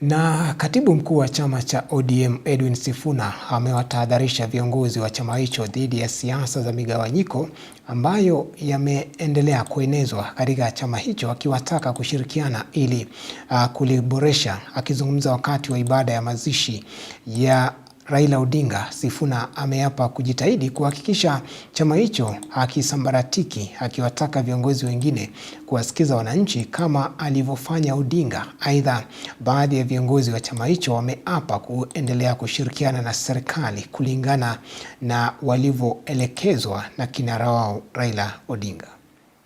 Na katibu mkuu wa chama cha ODM Edwin Sifuna amewatahadharisha viongozi wa chama hicho dhidi ya siasa za migawanyiko ambayo yameendelea kuenezwa katika chama hicho, akiwataka kushirikiana ili uh, kuliboresha. Akizungumza wakati wa ibada ya mazishi ya Raila Odinga Sifuna ameapa kujitahidi kuhakikisha chama hicho hakisambaratiki, akiwataka viongozi wengine kuwasikiza wananchi kama alivyofanya Odinga. Aidha, baadhi ya viongozi wa chama hicho wameapa kuendelea kushirikiana na serikali kulingana na walivyoelekezwa na kinara wao Raila Odinga.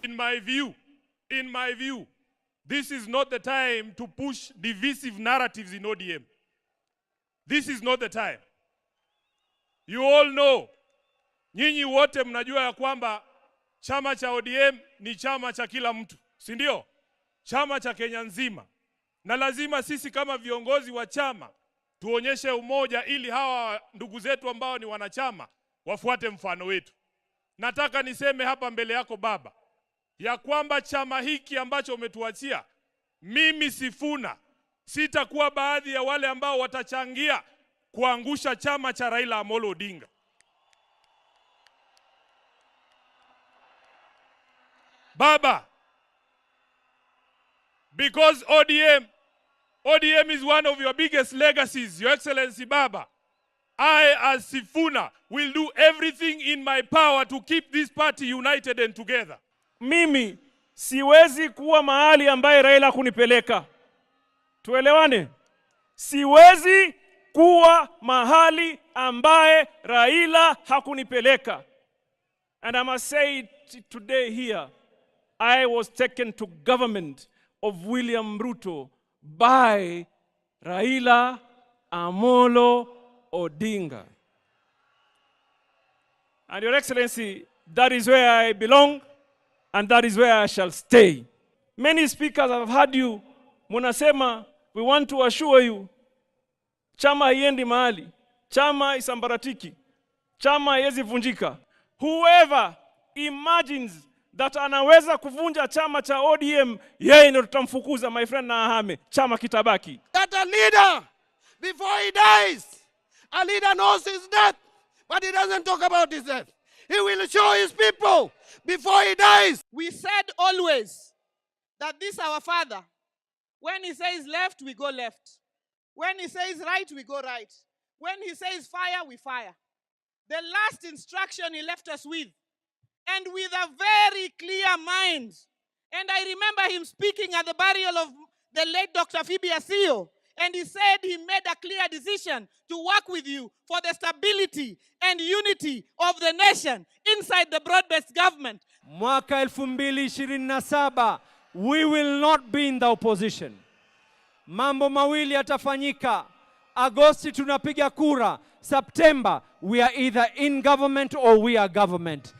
In my view, in my view, this is not the time to push divisive narratives in ODM. This is not the time. You all know, nyinyi wote mnajua ya kwamba chama cha ODM ni chama cha kila mtu, si ndio? Chama cha Kenya nzima, na lazima sisi kama viongozi wa chama tuonyeshe umoja ili hawa ndugu zetu ambao ni wanachama wafuate mfano wetu. Nataka niseme hapa mbele yako baba, ya kwamba chama hiki ambacho umetuachia, mimi Sifuna sitakuwa baadhi ya wale ambao watachangia kuangusha chama cha Raila Amolo Odinga. Baba, because ODM, ODM is one of your biggest legacies, Your Excellency Baba. I, as Sifuna, will do everything in my power to keep this party united and together. Mimi siwezi kuwa mahali ambaye Raila kunipeleka, tuelewane. Siwezi kuwa mahali ambaye Raila hakunipeleka. And I must say it today here, I was taken to government of William Ruto by Raila Amolo Odinga. And Your Excellency, that is where I belong and that is where I shall stay. Many speakers have heard you munasema, we want to assure you Chama haiendi mahali, chama isambaratiki, chama haiwezi vunjika. Whoever imagines that anaweza kuvunja chama cha ODM, yeye ndio tutamfukuza my friend, na ahame, chama kitabaki. That a leader before he dies, a leader knows his death but he doesn't talk about his death. He will show his people before he dies. We said always that this our father, when he says left, we go left. When he says right, we go right. When he says fire, we fire. The last instruction he left us with, and with a very clear mind. And I remember him speaking at the burial of the late Dr. Phoebe Asio, and he said he made a clear decision to work with you for the stability and unity of the nation inside the broad-based government. Mwaka 2027, we will not be in the opposition. mambo mawili yatafanyika. Agosti tunapiga kura, Septemba we are either in government or we are government.